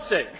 Finanțe.